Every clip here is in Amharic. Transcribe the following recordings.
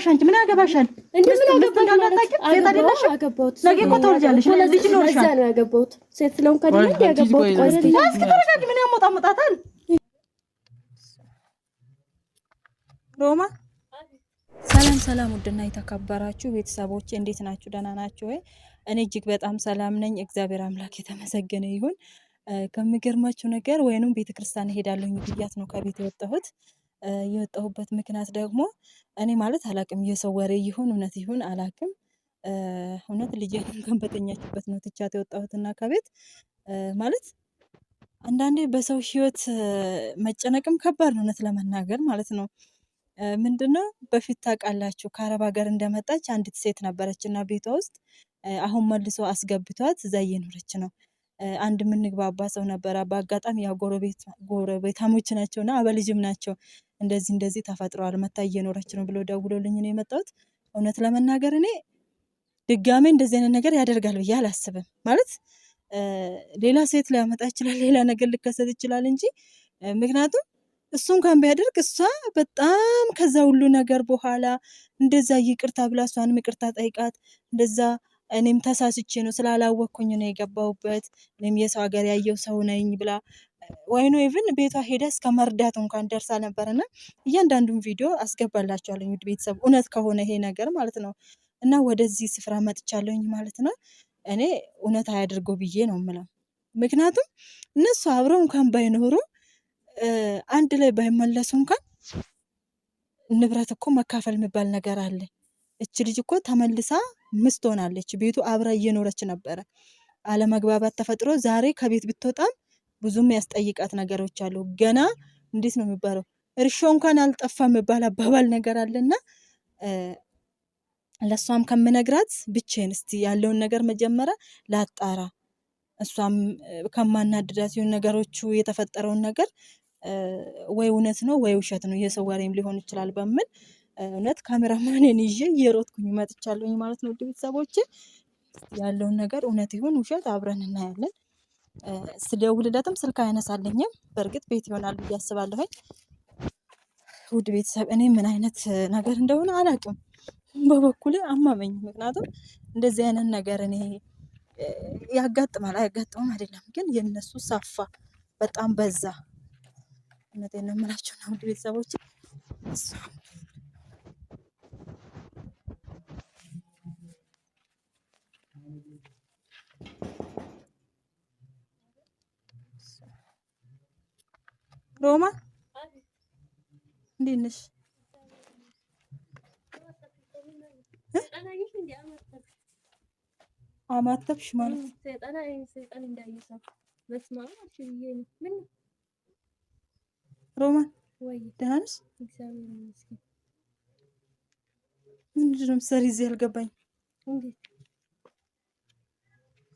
አገባሽ? አንቺ ምን አገባሽ? ነገ እኮ ተወልጃለሽ። ልጅ እንዴ ምን ያሞጣሞጣታል? ሮማ ሰላም ሰላም፣ ውድና የተከበራችሁ ቤተሰቦች እንዴት ናችሁ? ደህና ናችሁ ወይ? እኔ እጅግ በጣም ሰላም ነኝ። እግዚአብሔር አምላክ የተመሰገነ ይሁን። ከሚገርማችሁ ነገር ወይንም ቤተክርስቲያን እሄዳለሁ ብያት ነው ከቤት የወጣሁት የወጣሁበት ምክንያት ደግሞ እኔ ማለት አላቅም የሰው ወሬ ይሁን እውነት ይሁን አላቅም። እውነት ልጄን ከንበጠኛችበት ነው ትቻት የወጣሁትና ከቤት ማለት አንዳንዴ በሰው ህይወት መጨነቅም ከባድ ነው እውነት ለመናገር ማለት ነው። ምንድነው በፊት ታውቃላችሁ ከአረብ ሀገር እንደመጣች አንዲት ሴት ነበረች እና ቤቷ ውስጥ አሁን መልሶ አስገብቷት እዛ እየኖረች ነው። አንድ የምንግባባ ሰው ነበረ በአጋጣሚ ያው ጎረቤታሞች ናቸው እና አበልጅም ናቸው እንደዚህ እንደዚህ ተፈጥሯል መታ እየኖረች ነው ብሎ ደውሎልኝ ነው የመጣሁት። እውነት ለመናገር እኔ ድጋሜ እንደዚህ አይነት ነገር ያደርጋል ብዬ አላስብም። ማለት ሌላ ሴት ሊያመጣ ይችላል፣ ሌላ ነገር ሊከሰት ይችላል እንጂ ምክንያቱም እሱ እንኳን ቢያደርግ እሷ በጣም ከዛ ሁሉ ነገር በኋላ እንደዛ ይቅርታ ብላ እሷንም ይቅርታ ጠይቃት እንደዛ እኔም ተሳስቼ ነው ስላላወቅኩኝ ነው የገባሁበት እኔም የሰው ሀገር ያየው ሰው ነኝ ብላ ወይኑ ኢቭን ቤቷ ሄደ እስከ መርዳት እንኳን ደርሳ ነበር። እና እያንዳንዱን ቪዲዮ አስገባላቸዋለኝ ውድ ቤተሰብ፣ እውነት ከሆነ ይሄ ነገር ማለት ነው። እና ወደዚህ ስፍራ መጥቻለሁኝ ማለት ነው። እኔ እውነት አያድርገው ብዬ ነው ምለው። ምክንያቱም እነሱ አብረው እንኳን ባይኖሩ አንድ ላይ ባይመለሱ እንኳን ንብረት እኮ መካፈል የሚባል ነገር አለ። እች ልጅ እኮ ተመልሳ ምስት ሆናለች። ቤቱ አብራ እየኖረች ነበረ። አለመግባባት ተፈጥሮ ዛሬ ከቤት ብትወጣም ብዙ የሚያስጠይቃት ነገሮች አሉ። ገና እንዴት ነው የሚባለው እርሾ እንኳን አልጠፋ የሚባል አባባል ነገር አለና ለእሷም ከምነግራት ብቼን እስቲ ያለውን ነገር መጀመሪያ ላጣራ፣ እሷም ከማናድዳት የሆኑ ነገሮቹ የተፈጠረውን ነገር ወይ እውነት ነው ወይ ውሸት ነው የሰው ወሬም ሊሆን ይችላል በምል እውነት ካሜራማንን ይዤ እየሮጥኩኝ መጥቻለሁኝ ማለት ነው። ውድ ቤተሰቦቼ ያለውን ነገር እውነት ይሁን ውሸት አብረን እናያለን። ስደውልለትም ስልክ አይነሳልኝም። በእርግጥ ቤት ይሆናል ብዬ አስባለሁኝ። ውድ ቤተሰብ እኔ ምን አይነት ነገር እንደሆነ አላውቅም። በበኩሌ አማመኝ። ምክንያቱም እንደዚህ አይነት ነገር እኔ ያጋጥማል አያጋጥምም አይደለም፣ ግን የእነሱ ሳፋ በጣም በዛ። እውነቴን ነው የምላችሁ ነው ውድ ቤተሰቦች ሮማ እንዴት ነሽ? አማተብሽ ማለት ሮማን ደህና ነሽ? ምንድን ነው የምትሰሪ እዚህ? አልገባኝም።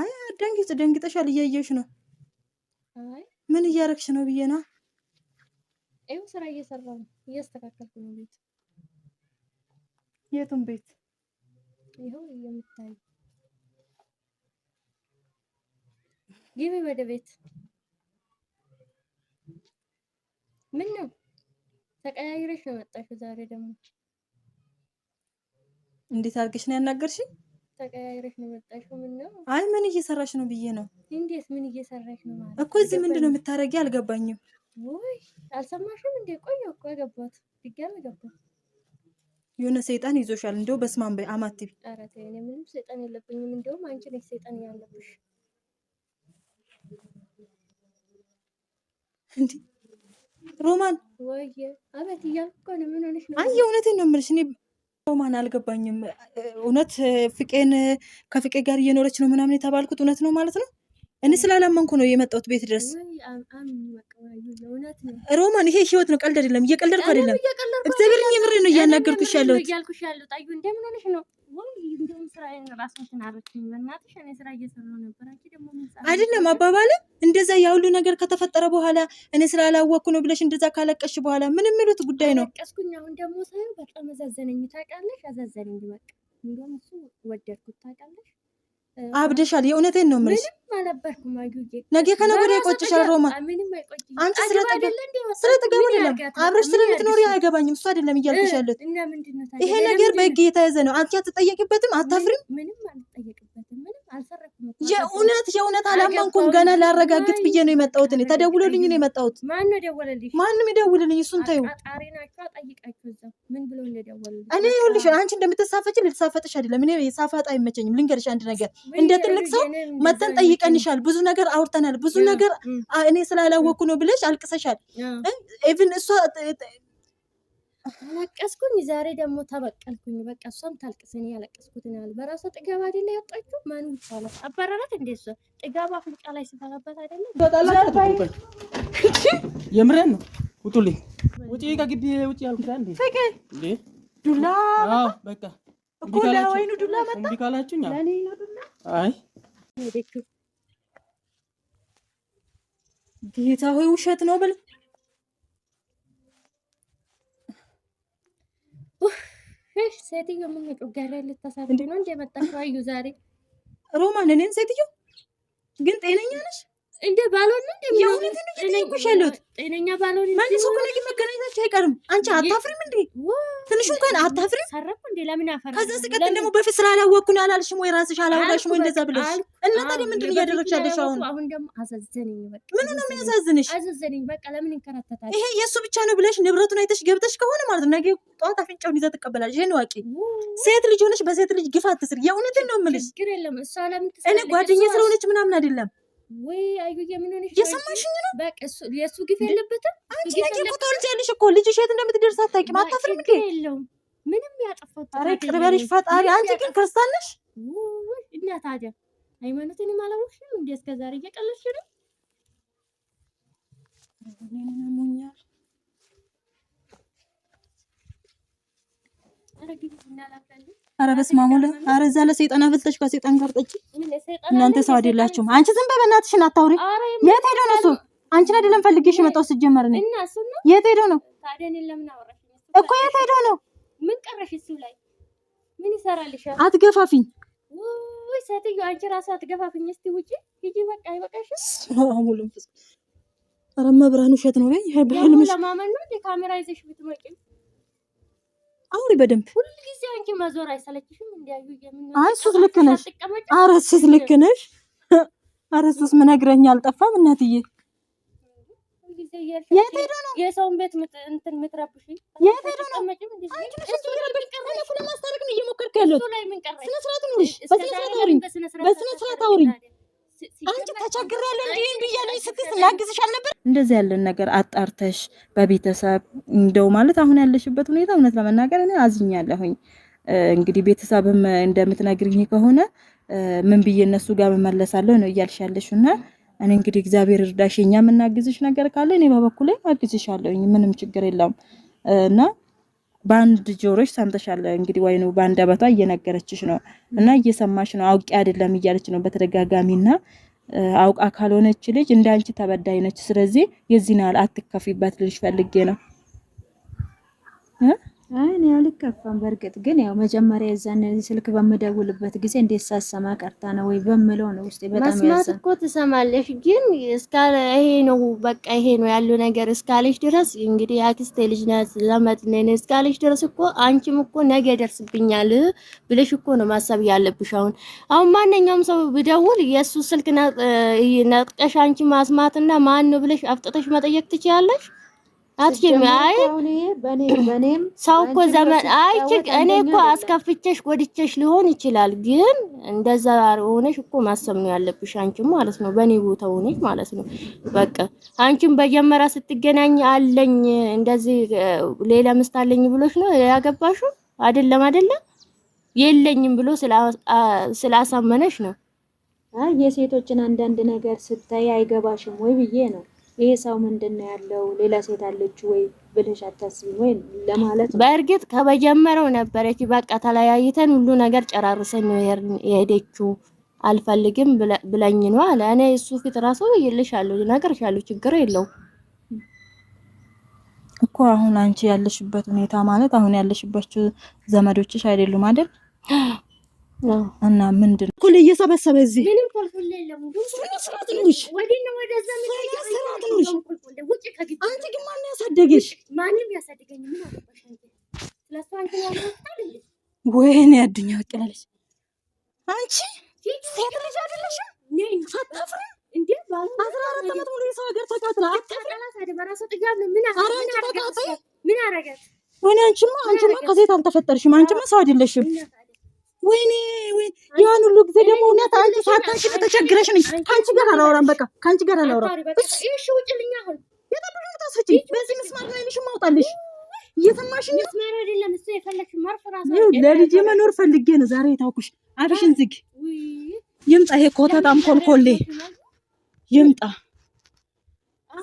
አይ ደንግጭ ደንግጠሻል፣ እያየሁሽ ነው። ምን እያረግሽ ነው ብዬ ነዋ ይኸው ስራ እየሰራሁ ነው፣ እያስተካከልኩ ነው። ቤት የቱን ቤት? ይኸው የምታይ ግቢ ወደ ቤት። ምን ነው ተቀያይረሽ ነው የመጣሽው ዛሬ ደግሞ? እንዴት አድርገሽ ነው ያናገርሽኝ? ተቀያይረሽ ነው የመጣሽው። ምን ነው? አይ ምን እየሰራሽ ነው ብዬ ነው። እንዴት ምን እየሰራሽ ነው ማለት እኮ እዚህ ምንድን ነው የምታረጊ? አልገባኝም ውይ አልሰማሽም እንዴ? ቆየ እኮ የገባት ድጋሜ ገባሁ። የሆነ ሰይጣን ይዞሻል። እንደው በስመ አብ አማቴ። ኧረ ተይ፣ እኔ ምንም ሰይጣን የለብኝም። እንደውም አንቺ ነሽ ሰይጣን ያለብሽ። እንዴ ሮማን፣ ወይዬ አቤት እያልኩ እኮ ነው። ምን ሆነሽ ነው? አይ የእውነቴን ነው የምልሽ እኔ ሮማን አልገባኝም። እውነት ፍቄን ከፍቄ ጋር እየኖረች ነው ምናምን የተባልኩት እውነት ነው ማለት ነው? እኔ ስላላመንኩ ነው የመጣሁት ቤት ድረስ። ሮማን ይሄ ህይወት ነው፣ ቀልድ አይደለም። እየቀለድኩ አይደለም፣ እግዚአብሔርን የምሬ ነው እያናገርኩሽ ያለሁት አይደለም አባባል እንደዛ ያሁሉ ነገር ከተፈጠረ በኋላ እኔ ስራ ስላላወቅኩ ነው ብለሽ እንደዛ ካለቀሽ በኋላ ምን የሚሉት ጉዳይ ነው? አለቀስኩኝ። አሁን ደግሞ ሳይሆን በጣም አዛዘነኝ ታውቂያለሽ፣ አዛዘነኝ በቃ እንደውም እሱ ወደድኩት ታውቂያለሽ አብደሻል። የእውነቴን ነው የምልሽ። ነገ ከነገ ወዲያ ይቆጭሻል። ሮማ አንቺ ስለ ጥገብ አይደለም አብረሽ ስለምትኖሪ አይገባኝም። እሱ አይደለም እያልኩሽ ያለሁት። ይሄ ነገር በህግ የተያዘ ነው። አንቺ አትጠየቅበትም፣ አታፍሪም? የእውነት የእውነት አላመንኩም። ገና ላረጋግጥ ብዬ ነው የመጣሁት። እኔ ተደውሎልኝ ነው የመጣሁት። ማንም የደውልልኝ እሱን ታዩ። እኔ ይኸውልሽ፣ አንቺ እንደምትሳፈች ልትሳፈጥሽ አይደለም። እኔ የሳፋጥ አይመቸኝም። ልንገርሽ አንድ ነገር፣ እንደ ትልቅ ሰው መተን ጠይቀንሻል፣ ብዙ ነገር አውርተናል፣ ብዙ ነገር እኔ ስላላወቅኩ ነው ብለሽ አልቅሰሻል። ኤቭን እሷ አለቀስኩኝ። ዛሬ ደግሞ ተበቀልኩኝ። በቃ እሷም ታልቅስ፣ እኔ ያለቀስኩት ነው በራሷ ጥጋብ አይደለ ያጣችሁ? ማን ይባላል? አባረራት እንዴ! እሷ ጥጋብ አፍንጫ ላይ ስታላባት አይደለ? የምረን ነው። ውጡልኝ! ውጪ! ከግቢ ውጪ! ያልኩት እንዴ? ፍቅር ዱላ በቃ እኮ ለወይኑ ዱላ መጣ። ካላችሁኝ ዱላ አይ ጌታ ሆይ ውሸት ነው ሴትዮ ምን ነው ጮጋሪ ልታሳብድ ነው እንደመጣሽ? አዩ ዛሬ ሮማን እኔን ሴትዮ ግን ጤነኛ ነሽ? እንደ ባልሆን ጤነኛ ባልሆን መልሶ ኮሌጅ መገናኘታችሁ አይቀርም። አንቺ አታፍሪም እንዴ? ትንሽ እንኳን አታፍሪም? እንዴ? ለምን ከዛ ስቀጥል ደግሞ በፊት ስላላወቅኩኝ አላልሽም ወይ ራስሽ አላወራሽም ወይ እንደዛ ብለሽ እና ታዲያ ምንድን እያደረግሽ ያለሽ አሁን? አሁን በቃ ምን ነው የሚያዘዝንሽ? በቃ ለምን የሚያሳዝንሽ? ይሄ የእሱ ብቻ ነው ብለሽ ንብረቱን አይተሽ ገብተሽ ከሆነ ማለት ነው ነገ ጠዋት አፍንጫውን ይዛ ትቀበላለሽ። ይሄን ዋቂ ሴት ልጅ ሆነሽ በሴት ልጅ ግፍ አትስሪ። የእውነትን ነው የምልሽ። እኔ ጓደኛ ስለሆነች ምናምን አይደለም ወይ አዩዬ ምን ሆነሽ? የሰማሽኝ ነው። በቃ እሱ ግፍ የለበትም። አንቺ ነገ እኮ ትወልጃለሽ እኮ ልጅሽ የት እንደምትደርስ አታውቂም። አታፍርም እንዴ? ምንም ያጠፋት ኧረ ቅርብ ያለሽ ፈጣሪ። አንቺ ግን ክርስቲያን ነሽ እና ታዲያ ሃይማኖትን አላወቅሽም እንዴ? እስከ ዛሬ እየቀለድሽ ነው። ኧረ ግቢ እናላታለን አረ በስመ አብ ወልድ። አረ እዛ ለሰይጣን አብልጠሽ ከሰይጣን ጋር ጠጪ። እናንተ ሰው አይደላችሁም። አንቺ ዝም በይ በእናትሽን አታውሪ። የት ሄዶ ነው እሱ? አንቺን አይደለም ፈልጌሽ የመጣው ስጀመር ነው። የት ሄዶ ነው እኮ? የት ሄዶ ነው? ምን ቀረሽ እሱ ላይ? ምን ይሰራልሽ? አትገፋፊኝ። ወይ ሴትዮ አንቺ ራስሽ አትገፋፊኝ። እስቲ ውጪ ሂጂ፣ በቃ ይበቃሽ። አረ መብራን ውሸት ነው ወይ? ህልምሽ ለማመን ነው ካሜራ ይዘሽ ብትመጪ አውሪ በደንብ ሁልጊዜ አንቺ መዞር አይሰለችሽም? እንዲያዩ አይ እሱስ ልክ ነሽ። ኧረ እሱስ ልክ ነሽ። ኧረ እሱስ ምነግረኛ አልጠፋም እናትዬ። የት ሄዶ ነው የሰውን ቤት እንትን የምትረብሽ? የት ሄዶ ነው? አንቺ ነሽ እሱ የሚረብሽ። እኔ እኮ ለማስታረቅ ነው እየሞከርኩ ያለሁት። ስነ ስርዓት አውሪኝ፣ በስነ ስርዓት አውሪኝ አንቺ ተቸግሬያለሁ እንዲህም ብያለኝ ስትስ ላግዝሽ አልነበር? እንደዚህ ያለን ነገር አጣርተሽ በቤተሰብ እንደው ማለት አሁን ያለሽበት ሁኔታ እውነት ለመናገር እኔ አዝኛለሁኝ። እንግዲህ ቤተሰብም እንደምትነግርኝ ከሆነ ምን ብዬ እነሱ ጋር መመለሳለሁ ነው እያልሽ ያለሽና እኔ እንግዲህ እግዚአብሔር እርዳሽ፣ እኛ የምናግዝሽ ነገር ካለ እኔ በበኩሌ አግዝሻለሁኝ። ምንም ችግር የለውም እና በአንድ ጆሮች ሰምተሻል እንግዲህ ወይ ነው በአንድ አባቷ እየነገረችሽ ነው እና እየሰማሽ ነው አውቄ አይደለም እያለች ነው በተደጋጋሚ እና አውቃ ካልሆነች ልጅ እንደ አንቺ ተበዳይ ነች። ስለዚህ የዚህን ያህል አትከፊበት ልጅ ፈልጌ ነው። አይ አልከፋም። በእርግጥ ግን ያው መጀመሪያ የዛን ስልክ በምደውልበት ጊዜ እንዴት ሳሰማ ቀርታ ነው ወይ በምለው ነው ውስጤ በጣም ያዘ። መስማት እኮ ትሰማለሽ፣ ግን እስካ ይሄ ነው በቃ ይሄ ነው ያለው ነገር እስካለሽ ድረስ እንግዲህ ያክስቴ ልጅ ናት ዘመድ ነን እስካለሽ ድረስ እኮ አንቺም እኮ ነገ ደርስብኛል ብለሽ እኮ ነው ማሰብ ያለብሽ። አሁን አሁን ማንኛውም ሰው ብደውል የሱ ስልክ ነጥቀሽ አንቺ ማስማትና ማን ነው ብለሽ አፍጥተሽ መጠየቅ ትችያለሽ። አትችም። አይ ሰው እኮ ዘመን አይ እኔ እኮ አስከፍቼሽ ጎድቼሽ ሊሆን ይችላል፣ ግን እንደዛ ሆነሽ እኮ ማሰብ ነው ያለብሽ፣ አንቺም ማለት ነው በእኔ ቦታ ሆነሽ ማለት ነው። በቃ አንቺም በጀመራ ስትገናኝ አለኝ እንደዚህ ሌላ ምስት አለኝ ብሎሽ ነው ያገባሽው አይደለም? አይደለም የለኝም ብሎ ስላሳመነሽ ነው። አይ የሴቶችን አንዳንድ ነገር ስታይ አይገባሽም ወይ ብዬ ነው ይሄ ሰው ምንድን ነው ያለው? ሌላ ሴት አለች ወይ ብለሽ አታስቢ ወይ ለማለት ነው። በእርግጥ ከመጀመሪያው ነበረች። በቃ ተለያይተን ሁሉ ነገር ጨራርሰን ነው የሄደችው። አልፈልግም ብለኝ ነው አለ። እኔ እሱ ፊት ራሱ ይልሻለሁ፣ እነግርሻለሁ፣ ችግር የለው እኮ አሁን አንቺ ያለሽበት ሁኔታ ማለት አሁን ያለሽበት ዘመዶችሽ አይደሉም አይደል? እና ምንድን ነው ኮሌ እየሰበሰበ እዚህ አንቺ ግን ማን ያሳደገሽ? ወይኔ አዱኛ ወቅላለች። አንቺ ሴት ልጅ አይደለሽም? አታፍሪም? አስራ አራት ዓመት ሙሉ የሰው ሀገር ተቃጥላ አታፍሪም? ወይኔ አንቺማ አንቺማ ከሴት አልተፈጠርሽም። አንቺማ ሰው አይደለሽም። ወይኔ ያን ሁሉ ጊዜ ደግሞ እውነት አንቺ ሳታንቺ በተቸግረሽ ነኝ። ከአንቺ ጋር አላወራም፣ በቃ ከአንቺ ጋር አላወራም። በዚህ መኖር ፈልጌ ነው ዛሬ የታውኩሽ። አፍሽን ዝግ። ይምጣ ይሄ ኮተታም ኮልኮሌ ይምጣ።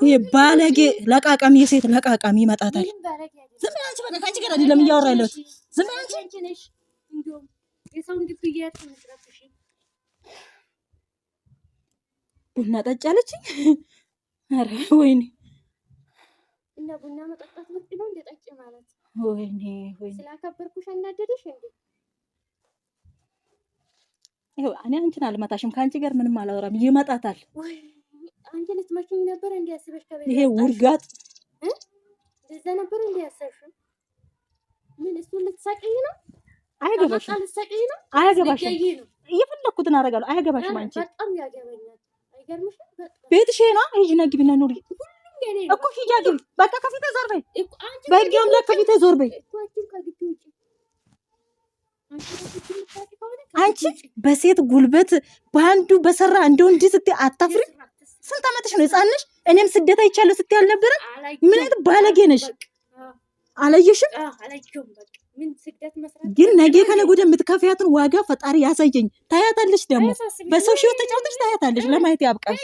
ይሄ ባለጌ ለቃቃሚ፣ የሴት ለቃቃሚ ይመጣታል። ዝም በይ በቃ ከአንቺ ጋር አይደለም እያወራ ያለሁት። ዝም በይ የሰውን ግቢ እያያት ቡና ጠጭ አለችኝ። ኧረ ወይኔ እና ቡና መጠጣት ልክ ነው እንደ ጠጭ ማለት ወይኔ ወይኔ ስላከበርኩሽ አናደደሽ እንዴ? ይኸው እኔ አንቺን አልመታሽም። ከአንቺ ጋር ምንም አላወራም። ይመጣታል። አንቺ ልትመችኝ ነበር እንዲያስበሽ ከበ ይሄ ውርጋጥ እዛ ነበር ምን እሱን ልትሳቀኝ ነው አያገባሽም። አደርጋለሁ። አያገባሽም። አንቺ ቤትሽ ና ሂጂ ና ኑሪ እኮ ሂጂ ግቢ። በቃ ከፊቴ ዞር በይ፣ አምላክ ከፊቴ ዞር በይ። አንቺ በሴት ጉልበት በአንዱ በሰራ እንደው እንዲህ ስትይ አታፍሪ? ስንት ዓመትሽ ነው? ህፃን እኔም ስደት አይቻለሁ ስትይ አልነበረ? ምን አይነት ባለጌ ነሽ! አላየሽም? ግን ነገ ከነገ ወዲያ የምትከፍያትን ዋጋ ፈጣሪ ያሳየኝ። ታያታለች፣ ደግሞ በሰው ሽወት ተጫወተች፣ ታያታለች። ለማየት ያብቃል።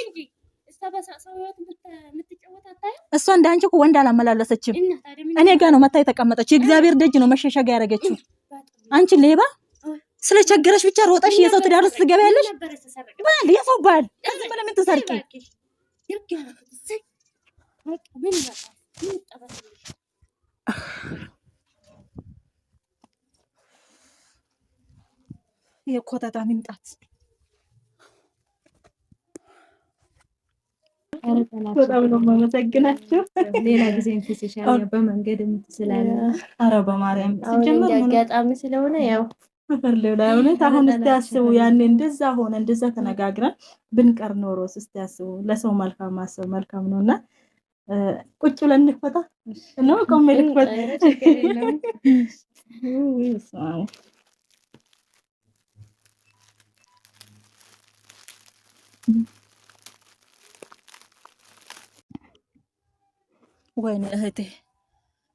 እሷ እንደ አንቺ እኮ ወንድ አላመላለሰችም። እኔ ጋ ነው መታ የተቀመጠች። የእግዚአብሔር ደጅ ነው መሸሸግ ያደረገችው። አንቺ ሌባ ስለቸገረሽ ብቻ ሮጠሽ የሰው ትዳር ውስጥ ትገቢያለሽ። ባል የሰው ባል ከዚህ በለምን ምን ትሰርቂ? የኮተታ መምጣት በጣም ነው የማመሰግናቸው። ሌላ ጊዜ ንስሻል በመንገድ ስላለ አረ በማርያም አጋጣሚ ስለሆነ ያው ሌላ እውነት አሁን እስቲ አስቡ፣ ያኔ እንደዛ ሆነ እንደዛ ተነጋግረን ብንቀር ኖሮስ እስቲ አስቡ። ለሰው መልካም ማሰብ መልካም ነው እና ቁጭ ብለን እንፈታ ነው ቆሜ ልክፈት ወይኔ እህቴ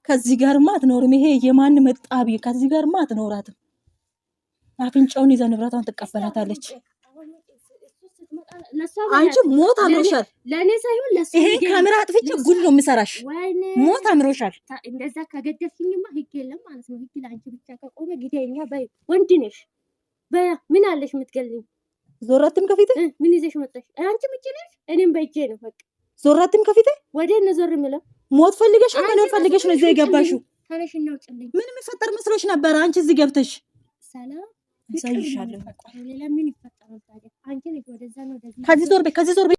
ከዚህ ጋርማ አትኖርም። ይሄ የማን መጣቢ? ከዚህ ጋርማ አትኖራትም። አፍንጫውን ይዛ ንብረቷን ትቀበላታለች። አንቺ ሞት አምሮሻል። ሳይሆን ይሄ ካሜራ አጥፍቼ ጉድ ነው የምሰራሽ። ሞት አምሮሻል። እንደዛ ከገደፍኝማ ህግ የለም ማለት ነው። ህግ ለአንቺ ብቻ ከቆመ ግዴኛ በይ ወንድ ነሽ። በያ ምን አለሽ የምትገልኝ ዞራትም ከፊት ምን ይዘሽ መጣሽ? አንቺ ምጭ ነሽ፣ እኔም በእጄ ነው። በቃ ዞራትም ከፊት ወደ እነ ዞር ምለው ሞት ፈልገሽ ነው ነው ፈልገሽ ነው እዚህ የገባሽው? ምን የሚፈጠር መስሎሽ ነበር? አንቺ እዚህ ገብተሽ ሰላም ይፈጠራል ታዲያ? አንቺ ይሳይሻል። ከዚህ ዞር በይ፣ ከዚህ ዞር በይ።